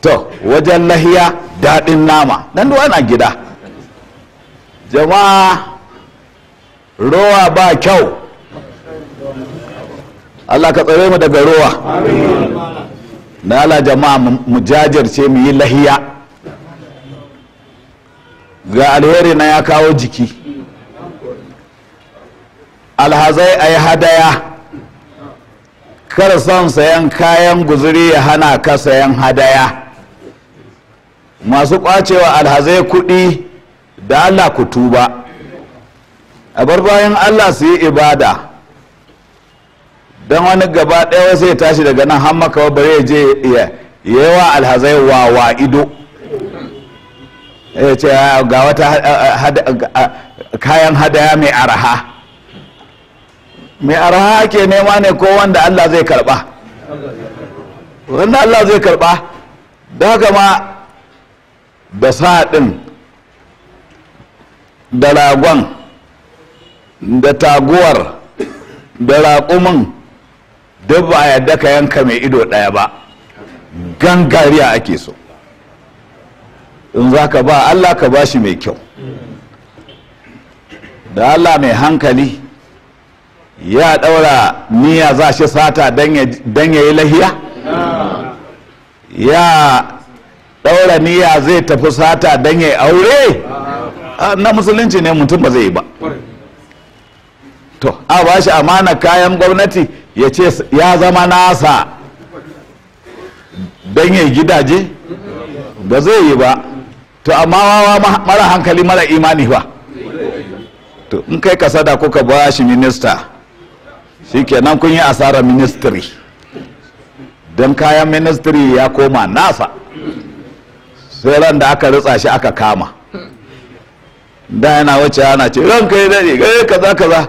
to wajen lahiya daɗin nama dan duwa na gida jama'a rowa ba kyau Allah ka tsare mu daga rowa na ala jama'a mu jajirce mu yi lahiya ga alheri na ya kawo jiki alhazai a yi hadaya kar son sayan kayan guzuri ya hana ka sayan hadaya masu kwacewa alhazai kuɗi da allah ku tuba a bar bayan allah su yi ibada don wani gaba ɗaya sai tashi daga nan hamma kawai bare je ya yawa alhazai wawa ido ya ce ah, ga wata kayan hadaya mai araha mai araha ake nema ne ko wanda Allah zai karba wanda Allah zai karba da haka ma da saɗin da ragon da taguwar da raƙumin duk ba a yadda ka yanka mai ido ɗaya ba gangariya ake so in za ka ba Allah ka ba shi mai kyau da Allah mai hankali ya daura niyya za shi sata don ya yi lahiya ya daura niyya zai tafi sata don ya yi aure na musulunci ne mutum ba zai yi ba to a ba shi amana kayan gwamnati ya ce ya zama nasa don ya gidaje ba zai yi ba to amma wawa mara hankali mara imani ba to in kai kasada kuka ba shi minista shikenan kun yi asarar ministry don kayan ministry ya koma nasa sai ran da aka ritsa shi aka kama da yana wacce ana ce ranka kai daɗi gare kaza kaza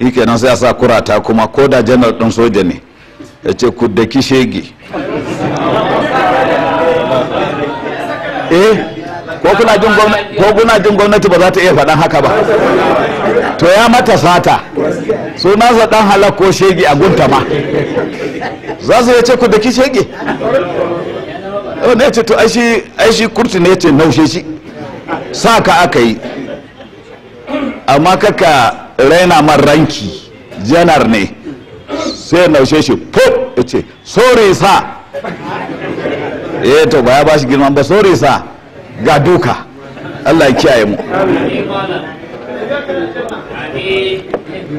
shikenan sai ya sa kurata kuma ko da janar ɗin soja ne ya ce ku daki shege eh ko kuna jin gwamnati ba za ta iya faɗan haka ba to ya mata sata sunansa dan halak ko shege a gunta ma za su yace ku da ki shege ne ce to ai shi kurti ne ce naushe shi sa ka aka yi amma kaka raina man ranki janar ne sai naushe shi pop ya ce sorry sa eh to ba ya ba shi girman ba sorry sa ga duka Allah ya kiyaye mu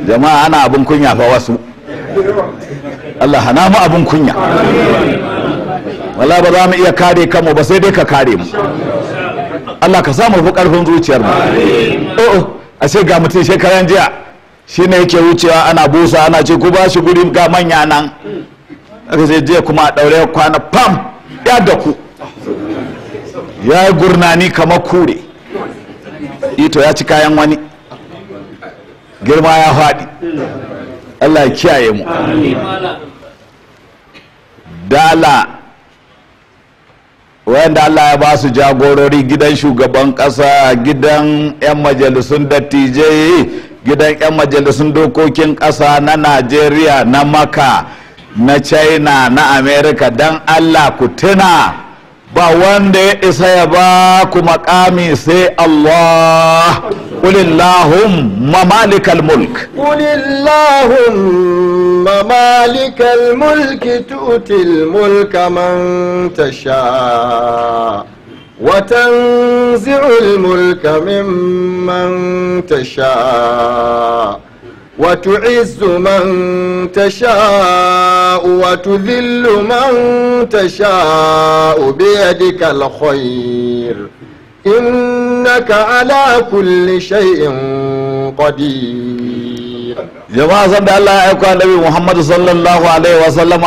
jama'a ana abin kunya fa wasu Allah hana mu abin kunya wala ba za mu iya kare kanmu ba sai dai ka kare mu Allah ka samu fi karfin zuciyar mu oh, oh a ce ga mutum shekaran jiya shine ne yake wucewa ana busa ana ce ku ba shi guri ga manya nan aka sai jiya kuma a daure kwana pam ya da ku ya yi gurnani kamar kure ito ya ci kayan wani girma ya faɗi Allah kiyaye mu dala wanda Allah ya ba su jagorori gidan shugaban ƙasa gidan 'yan majalisun dattijai gidan 'yan majalisun dokokin ƙasa na Najeriya na maka na china na america don Allah ku tuna ba wanda ya isa ya ba ku makami sai Allah kulillahum mamalikal mulk kulillahum mamalikal mulki tutil mulka man tasha mulka الملك ممن تشاء وتعز من تشاء وتذل من تشاء بيدك الخير إنك على كل شيء قدير جماعة صلى الله عليه وسلم محمد صلى الله عليه وسلم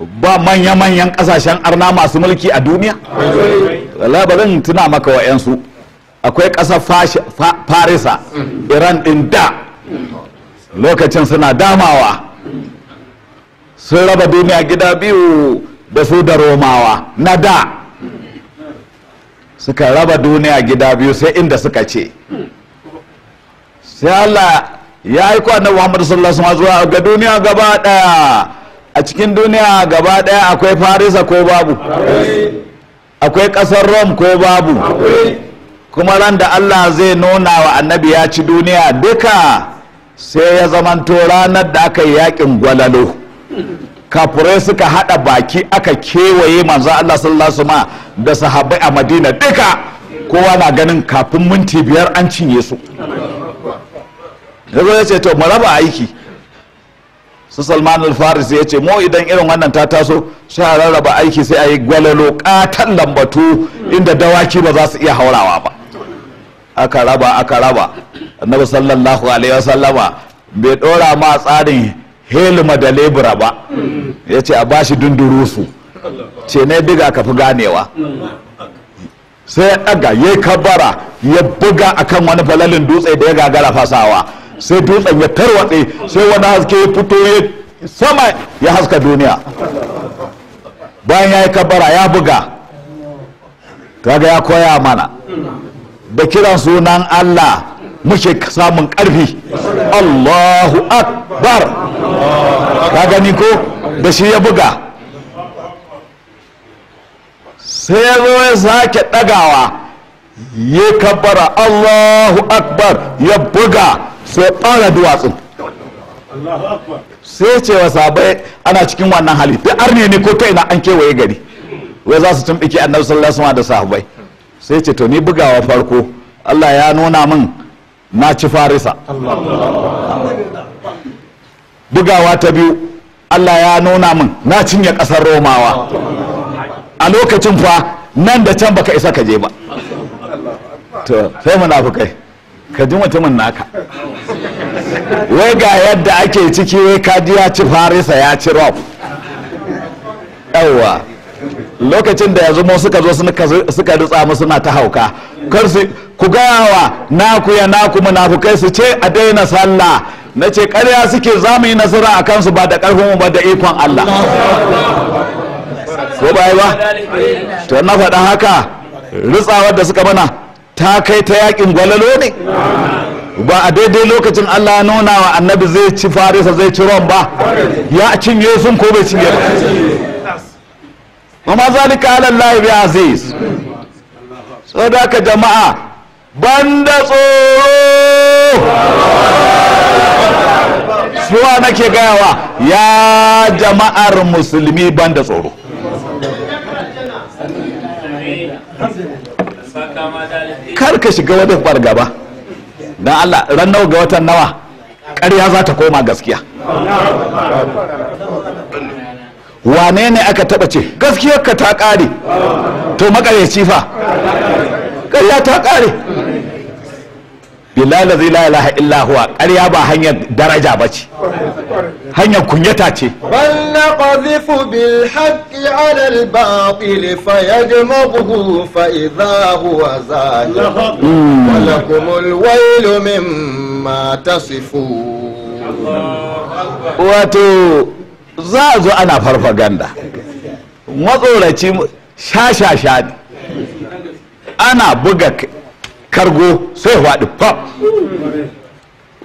ba manya-manyan kasashen arna masu mulki a duniya? Wala ba zan tuna maka wa wa'yansu akwai ƙasar farisa iran ɗin da lokacin suna damawa sun raba duniya gida biyu da su da romawa na da suka raba duniya gida biyu sai inda suka ce sai Allah ya yi kwanar Muhammadu sallallahu alaihi zuwa ga duniya gaba daya a cikin duniya gaba daya akwai farisa ko babu akwai kasar rom ko babu kuma ran da Allah zai nuna wa annabi ya ci duniya duka sai ya zamanto ranar da aka yi yakin gwalalo kafurai suka hada baki aka kewaye manzo Allah sallallahu alaihi da sahabbai a Madina duka kowa na ganin kafin minti biyar an cinye su yazo ya ce to mu raba aiki su Salman al-Farisi ya ce mu idan irin wannan ta taso sai a rarraba aiki sai a yi gwalalo katan lambatu inda dawaki ba za su iya haurawa ba aka raba aka raba annabi sallallahu alaihi wasallama bai dora ma tsarin helma da lebura ba ya ce a bashi dundurusu ce na diga ka fi ganewa sai ya daga ya kabara ya buga akan wani falalin dutse da ya gagara fasawa sai dutsen ya tarwatse sai wani haske ya fito ya sama ya haska duniya bayan ya yi kabara ya buga kaga ya koya mana da kiran sunan Allah muke samun ƙarfi Allahu akbar ka gani ko da shi ya buga sai ya zo ya sake ɗagawa ya kabbara Allahu akbar ya buga sai ɓara duwatsun sai ce wa sabai ana cikin wannan hali duk arne ne ko ta ina an kewaye gari wai za su tumɓike annabi sallallahu alaihi wasallam da sahabbai sai ce to ni bugawa farko Allah ya nuna min na ci farisa bugawa ta biyu Allah ya nuna min na cinye ƙasar romawa a lokacin fa nan da can baka isa ka je ba to sai munafukai ka ji mutumin naka wai ga yadda ake ciki wai kaji ya ci farisa ya ci rob yawwa lokacin da yanzu suka zo suka rutsa mu suna ta hauka kar su ku gayawa naku ya naku munafukai su ce a daina sallah na ce karya suke za mu yi nasara a kansu ba da ƙarfin mu ba da ikon Allah ko ba ba to na faɗa haka rutsawar da suka mana ta kai ta yakin gwalalo ne ba a daidai lokacin Allah ya nuna wa annabi zai ci farisa zai ci ron ba ya cinye sun ko bai cinye ba wa ma ni ala Allah bi aziz saboda ka jama'a banda tsoro suwa nake gayawa ya jama'ar musulmi banda tsoro kar ka shiga wata fargaba gaba don Allah ran nawa ga watan nawa ƙarya za ta koma gaskiya wane ne aka taba ce gaskiyar ka ta kare to makareci fa ƙarya ta kare bilal zai la ilaha illa huwa ƙarya ba hanyar daraja ba ce hanyar kunyata ce bal naqdhifu bil haqqi ala al batil fa yajmaghu fa idha huwa zahir hmm. wa lakum al waylu mimma tasifu wato za a zo ana farfaganda matsoraci shashasha ne ana buga kargo sai faɗi fam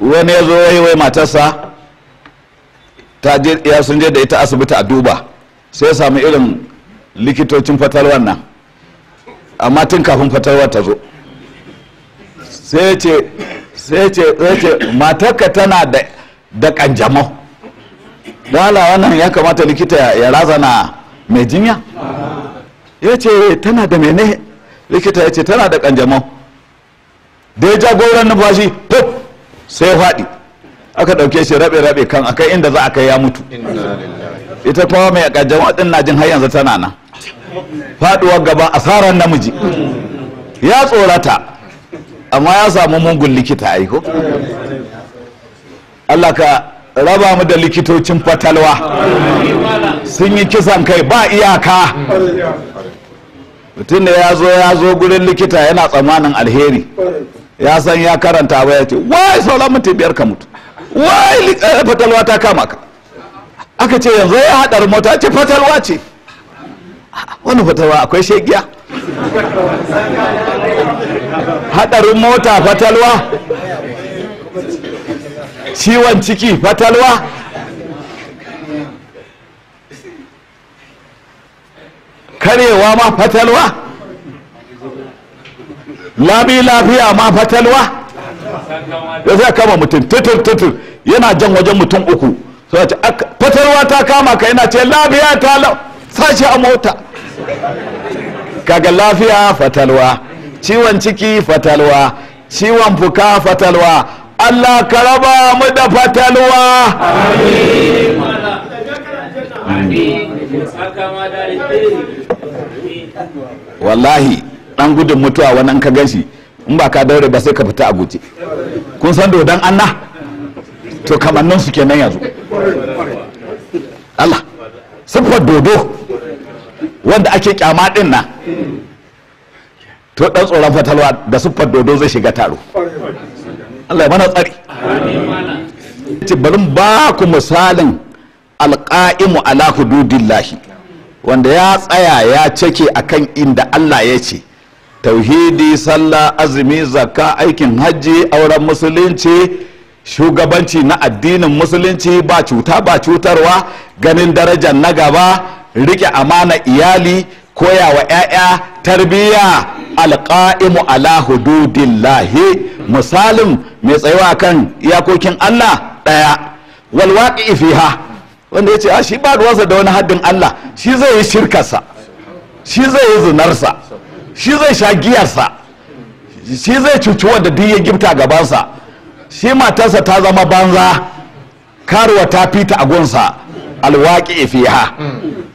wani ya zo wai wai matarsa ta je ya sun je da ita asibiti a duba sai ya samu irin likitocin fatalwar nan amma tun kafin fatalwar ta zo sai ce sai ce matarka tana da kanjamau wala wannan ya kamata likita ya razana mai jinya ya ce eh, tana da mene likita ya ce tana da kanjamau da ya jagoran numfashi pop sai ya faɗi aka ɗauke shi rabe-rabe kan akai inda za a kai ya mutu ita kuma mai kanjamau ɗin na jin har yanzu tana nan faɗuwar gaba asarar namiji ya tsorata amma ya samu mugun likita aiko Allah ka raba mu da likitocin fatalwa sun yi kisan kai ba iyaka mutum da ya zo ya zo gurin likita yana tsammanin alheri ya san ya karanta ba ya ce wai sauran mutum biyar ka mutu wai eh, fatalwa ta kama ka aka ce yanzu ya haɗar mota ce fatalwa ce wani fatalwa akwai shegiya haɗarin mota fatalwa ciwon ciki fatalwa karewa ma fatalwa labi lafiya ma fatalwa ya sai kama mutum titir titir yana jan wajen mutum uku fatalwa ta kama ka yana ce lafiya ta lau sashi a mota kaga lafiya fatalwa ciwon ciki fatalwa ciwon fuka fatalwa Allah ka raba mu da fatalwa wallahi dan gudun mutuwa wannan ka ganshi in ba ka daure ba sai ka fita a guje kun san dodon anna to kamannin su kenan yanzu Allah siffar dodo wanda ake kyama din na. to ɗan tsoron fatalwa da siffar dodo zai shiga taro Allah mana tsari Amin. bari ba ku misalin alƙa'imu ala hududillahi wanda ya tsaya ya cake akan inda Allah ya ce tauhidi sallah azumi zakka aikin hajji auren musulunci shugabanci na addinin musulunci ba cuta ba cutarwa ganin darajar na gaba rike amana iyali koya wa 'ya'ya tarbiyya alƙa'imu ala hududillahi misalin mai tsayuwa kan iyakokin Allah ɗaya walwaƙi fiha wanda ya ce a ah, shi ba ruwansa da wani haddin Allah shi zai yi shirkarsa shi zai yi zinarsa shi zai sha giyarsa shi zai cuci wanda duk ya gifta gabansa shi matarsa ta zama banza karuwa ta fita a agunsa Alwaki fiha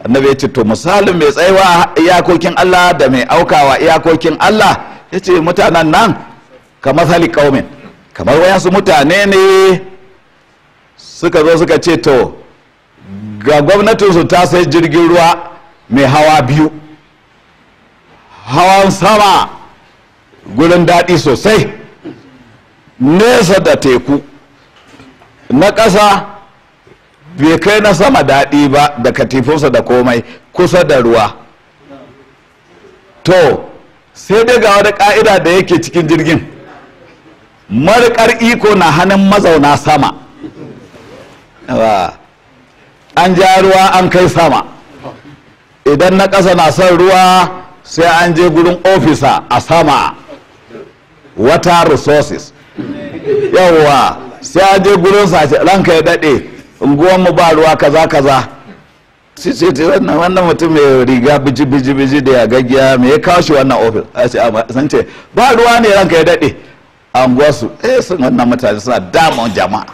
annabi ya ce to misalin mai tsayawa iyakokin Allah da mai aukawa iyakokin Allah yace ce mutanen nan kamar hali kaumin kamar wayansu mutane ne suka zo suka ce to ga gwamnatinsu ta sai jirgin ruwa mai hawa biyu hawan sama gurin daɗi sosai nesa da teku na ƙasa bai kai na sama daɗi ba da katifinsa da komai kusa da ruwa to sai dai ga wani ƙa'ida da yake cikin jirgin marƙar iko na hannun mazauna sama an ja ruwa an kai sama idan na ƙasa na son ruwa sai an je gurin ofisa a sama water resources yawwa sai an je gurin sace ranka ya daɗe unguwanmu ba ruwa kaza kaza sai ce ce wannan mutum mai riga biji biji biji da ya gaggiya me ya kawo shi wannan ofis a ce sun ce ba ruwa ne ranka ya dade a unguwarsu eh sun wannan mutane suna damar jama'a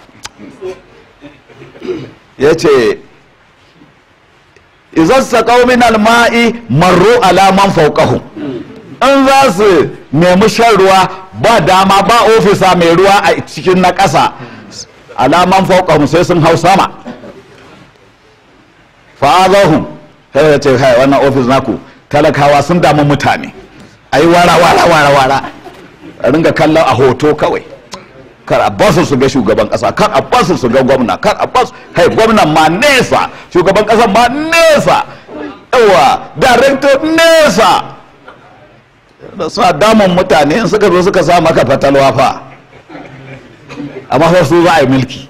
ya ce izan saƙau min alma'i marro alaman faukahu. in za su nemi shan ruwa ba dama ba ofisa mai ruwa a cikin na ƙasa alaman mu sai sun hau sama fa azahum sai ce kai wannan ofis naku talakawa sun damu mutane ai wara wara wara wara a ringa kallon a hoto kawai kar a basu su ga shugaban kasa kar a basu su ga gwamna kar a basu hai gwamna ma nesa shugaban kasa ma nesa yawa director nesa da suna damun mutane in suka zo suka sa maka fatalwa fa amma sai su za a yi milki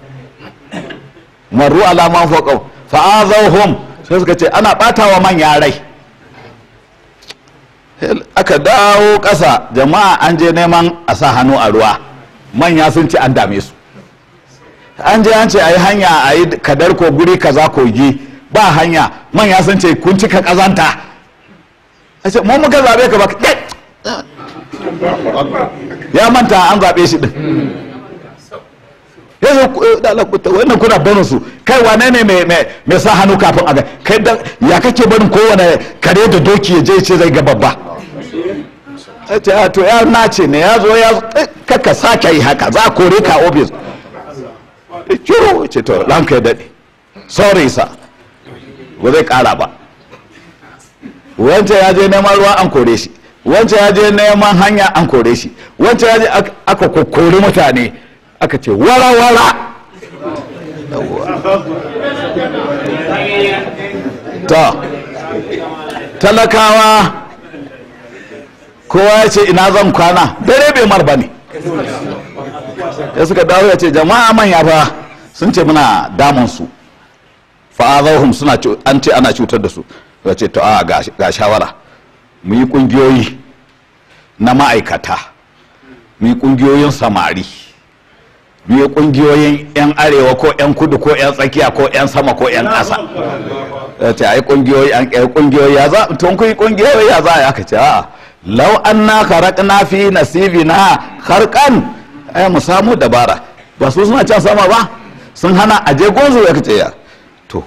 maru ala man fawqa fa azawhum sai suka ce ana batawa manya rai aka dawo ƙasa jama'a an je neman a sa hannu a ruwa manya sun ce an dame su an je an ce a yi hanya a yi kadar ko guri kaza kogi ba hanya manya sun ce kun cika kazanta a ce mun muka zabe ka ba ya manta an zabe shi din Eh, wannan kuna barin su kai wane ne mai sa hannu kafin a kai da ya kake barin kowane kare da doki ya je ce zai ga babba ce a to ya nace ne ya zo ya eh, kaka sake yi haka za a kore ka ofis kiro eh, ce to ranka ya dade sorry sa ba zai kara ba wancan ya je neman ruwa an kore shi wancan ya je neman hanya an kore shi wancan ya je aka kore mutane aka ce wara wara ta talakawa kowa ya ce ina zan kwana dare bai mar ba ne ya suka dawo ya ce jama'a manya fa sun ce muna damansu fa'azahum suna an ce ana cutar da su ya ce to a ga shawara mu yi kungiyoyi na ma'aikata mu yi kungiyoyin samari biyu kungiyoyin 'yan arewa ko 'yan kudu ko 'yan tsakiya ko 'yan sama ko 'yan ƙasa ta yi kungiyoyi an ƙai kungiyoyi ya za tun kuyi kungiyoyi ya za ya kace a lau an na karak na fi nasibi na harkan ai mu samu dabara ba su suna can sama ba sun hana a je gonzo ya kace ya to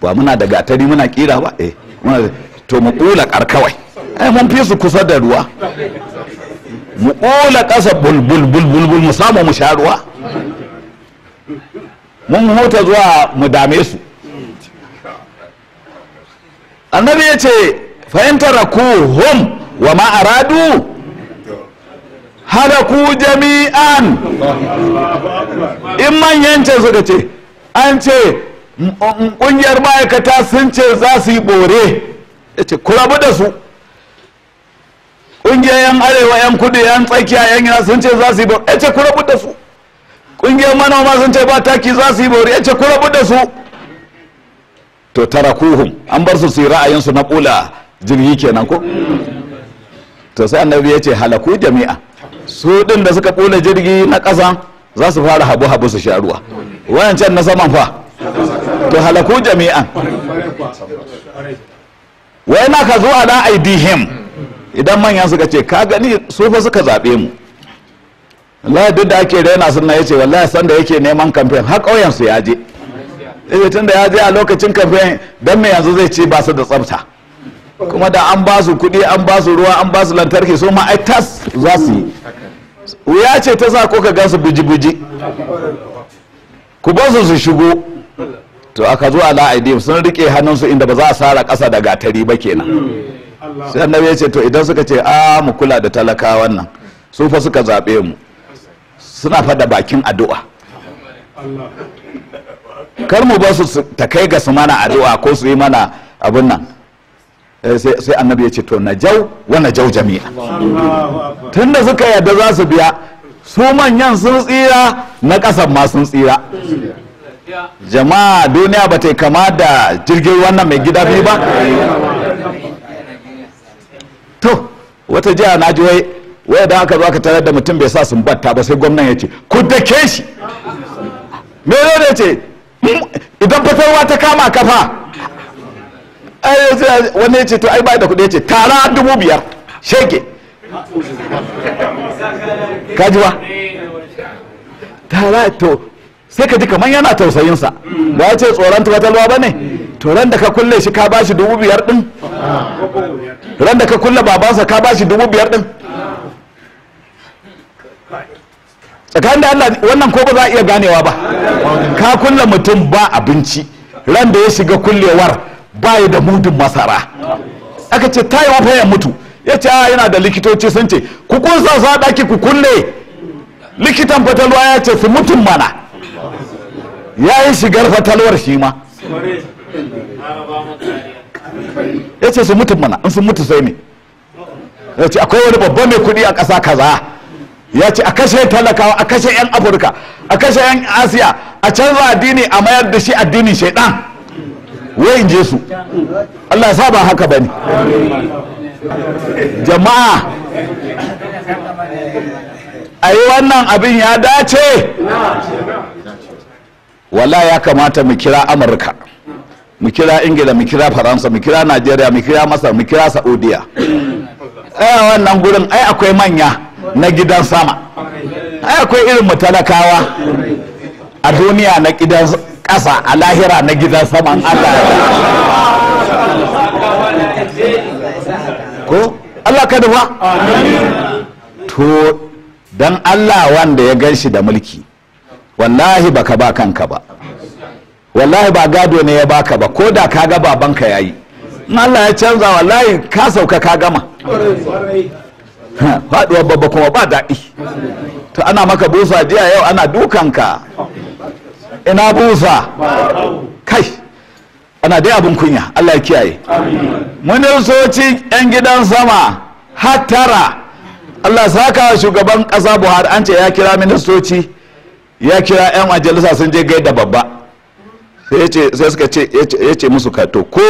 ba muna da gatari muna kira ba eh to mu kula kar kawai ai mun fi su kusa da ruwa mu kula kasa bulbul bulbul mu samu mu sha ruwa mun huta zuwa mu dame su annabi ya ce fahimtar ku hum wa ma'aradu ku jami'an in manyan ce suka ce an ce kungiyar ma'aikata sun ce za su yi bore ya ce kurabu da su kungiyar yan arewa yan kudu yan tsakiya yan yana sun ce za su yi bore ya ce kurabu da su ƙungiyar manoma sun ce ba taki za su yi bori yace ku rabu da su to tarakuhum an bar su su yi ra'ayinsu na kula jirgi kenan ko to sai annabi ya ce halaku jami'a su din da suka kula jirgi na ƙasa za su fara habu habu su sha ruwa wayancan na saman fa to halaku jami'a. wai na ka zuwa da idihim idan manyan suka ce ka gani sufa suka zaɓe mu wallahi duk da ake raina sunna yace wallahi san da yake neman campaign har ƙauyen su ya je eh tun da ya je a lokacin campaign dan me yanzu zai ce ba su da tsafta kuma da an ba su kuɗi an ba su ruwa an ba su lantarki su ma ai tas za su yi wuya ce ta sa ko ka gansu buji ku ba su su shigo to aka zo ala sun rike hannunsu inda ba za a sara ƙasa da gatari ba kenan sai annabi ya ce to idan suka ce a ah, mu kula da talakawan nan su fa suka zaɓe mu suna fada bakin addu'a kar mu ba su ta kai ga su mana addu'a ko su yi mana abin nan eh, sai annabi ya ce to na jau wa na jau jami'a tunda suka yadda za su biya su manyan sun tsira na ƙasan ma sun tsira jama'a duniya ba ta kama da jirgin wannan mai gida biyu ba to wata jiya na ji wai wai da aka zo aka tarar da mutum bai sa batta ba sai gwamnan ya ce ku dake shi me ne ne ce idan fafarwa ta kama kafa wani ya ce to ai bai da kuɗi ya ce tara dubu biyar shege kajiwa ba tara to sai ka ji kamar yana tausayinsa ba ya ce tsoron fatalwa ba ne to ran da ka kulle shi ka shi dubu biyar din ran da ka kulle babansa ka shi dubu biyar din tsakanin da Allah wannan ko ba za a iya ganewa ba ka kulle mutum ba abinci ran da ya shiga kullewar ba da mudun masara aka ce ta yi wafa ya mutu ya ce a ah, yana da likitoci sun ce ku kun sa daki ku kulle likitan fatalwa ya ce su mutum mana ya yi shigar fatalwar shi ma ya ce su mutum mana in sun mutu sai ne ya ce akwai wani babban mai kuɗi a ƙasa kaza ya ce a kashe talakawa a kashe 'yan afirka a kashe 'yan asiya a canza addini a mayar da shi addinin shaidan wayin Jesu. allah sa ba haka ba ne jama'a a yi wannan abin ya dace wala ya kamata mu kira amurka mu kira ingila mu kira faransa mu kira najeriya mu kira masar mu kira saudiya a eh, wannan gurin ai akwai manya na gidan sama ai akwai irin mu talakawa a duniya na gidan ƙasa a lahira na gidan sama Allah ko Allah ka dafa to dan Allah wanda ya gan shi da mulki wallahi baka ba kanka ba wallahi ba gado ne ya baka ba ko da ka ga babanka yayi in Allah ya canza wallahi ka sauka ka gama faduwar babba kuma ba daɗi to ana maka busa jiya yau ana dukanka ina busa kai ana dai abin kunya Allah ya kiyaye soci yan gidan sama hattara Allah saka shugaban ƙasa Buhari an ce ya kira ministoci ya kira yan majalisa sun je gaida babba sai sai suka ce ya musu ka ko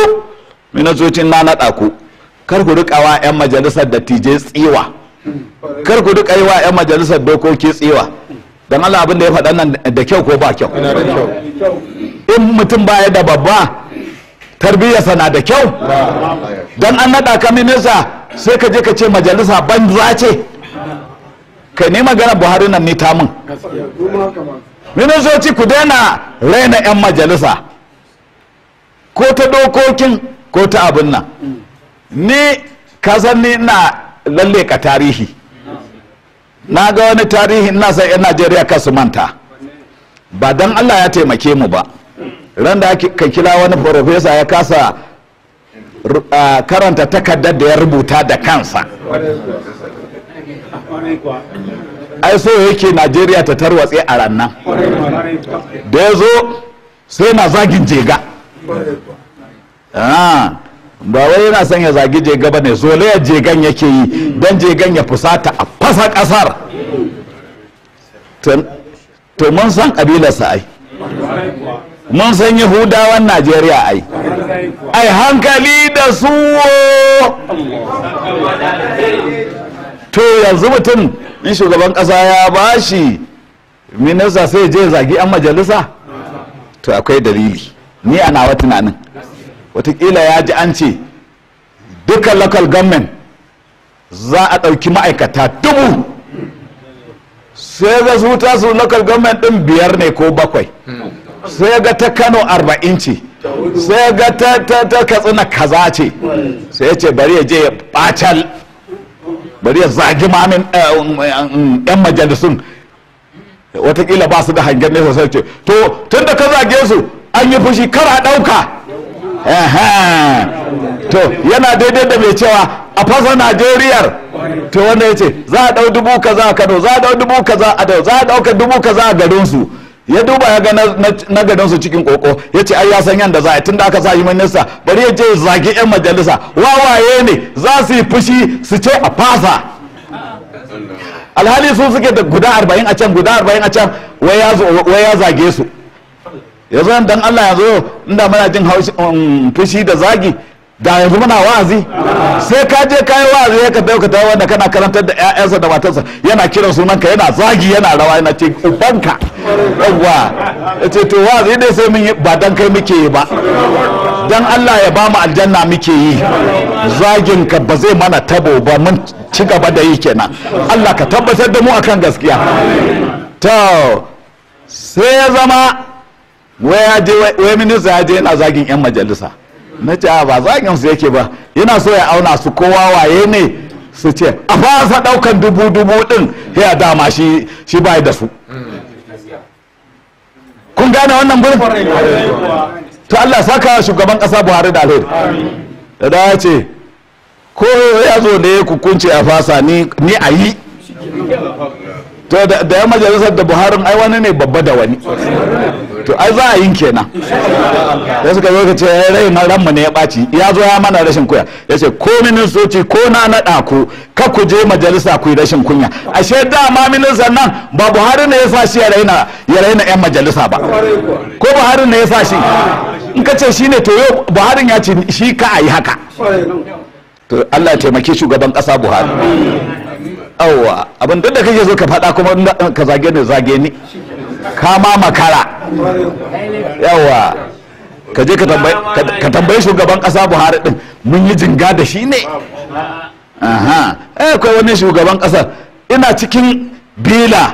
ministocin na naɗa ku kar ku wa yan majalisar da tije tsiwa kar ku duka yi wa 'yan majalisar dokoki tsiwa don Allah abin da ya faɗa nan da kyau ko ba kyau in mutum baya da babba tarbiyyarsa na da kyau don an naɗa ka minista sai ka je ka ce majalisa banza ce kai ne magana buhari nan ni tamun ministoci ku daina raina 'yan majalisa ko ta dokokin ko ta abin nan ni kasanni ni na lalle ka tarihi na ga wani tarihi ina san 'yan najeriya ka su manta ba don allah ya taimake mu ba ran da ka kira wani farfesa ya kasa karanta takardar da ya rubuta da kansa ai so yake najeriya ta tarwatse a rannan da ya zo sai na zagin jega ah. ba wai yana son ya zagi jega ba ne zolayar jegan yake yi don jegan ya fusata a fasa kasar to mun san kabilarsa ai mun san yahudawan najeriya ai ai hankali da su to yanzu mutum in shugaban kasa ya bashi minista sai je zagi an majalisa to akwai dalili ni a nawa tunanin watakila ya ji an ce dukkan local government za a ɗauki ma'aikata dubu sai ga su tasu local government ɗin biyar ne ko bakwai sai ga ta kano arba'in ce sai ga ta katsina kaza ce sai ya ce bari ya je ya ɓacal bari ya zagi mamin eh, um, um, yan majalisun watakila ba su da hangen nesa sai ce to tun da ka zage su an yi fushi kara ɗauka to yana daidai da mai cewa a fasa Najeriya to wanda ya ce za a ɗau dubu kaza a kano za a ɗau dubu kaza a dau za a ɗauka dubu kaza a garinsu ya duba ya ga na garinsu cikin koko ya ce ai ya san yadda za a tun da aka sa yi minista bari ya je zagi yan majalisa wawaye ne za su yi fushi su ce a fasa alhali su suke da guda arba'in a can guda arba'in a can wai ya zage su ya zo dan Allah yanzu inda muna jin haushi um, fushi da zagi da yanzu muna wa'azi sai ka je kai wa'azi ya ka dauka tawo wanda kana karantar da ƴaƴansa da matarsa yana kiran sunanka yana zagi yana rawa yana ce ubanka yawa yace to wa'azi dai sai mun ba dan kai muke yi ba dan Allah ya ba mu aljanna muke yi zagin ka ba zai mana tabo ba mun ci gaba da yi kenan Allah ka tabbatar da mu akan gaskiya to sai ya zama wai minista ya je yana zagin 'yan majalisa na ce ba zagin su yake ba yana so ya auna su kowa waye ne su ce a fasa daukan dubu dubu din ya dama shi shi bai da su kun gane wannan gurin to Allah saka shugaban kasa Buhari da alheri da ya ce ko ya zo da ya kukunce a fasa ni a yi to da ya majalisar da Buhari ai wani ne babba da wani to ai za a yin kenan ya suka zo ka ce eh, rai na ranmu ne ya ɓaci ya zo ya mana rashin kuya ya ce ko ministoci ko na naɗa ku ka ku je majalisa ku yi rashin kunya ashe dama ministan nan ba buhari ne ya sa shi ya raina ya raina yan majalisa ba ko buhari ne ya sa shi in ka ce shi ne to yau buharin ya ce shi ka a yi haka to allah taimake shugaban ƙasa buhari Awa abin duk da kake so ka faɗa kuma ka zage ni zage ni kama makara yawa ka je ka tambayi shugaban kasa buhari din mun yi jinga da shi ne aha eh kai wani shugaban kasa ina cikin bila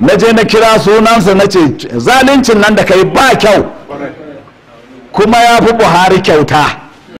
na je na kira sunansa na ce zalincin nan da kai ba kyau kuma ya fi buhari kyauta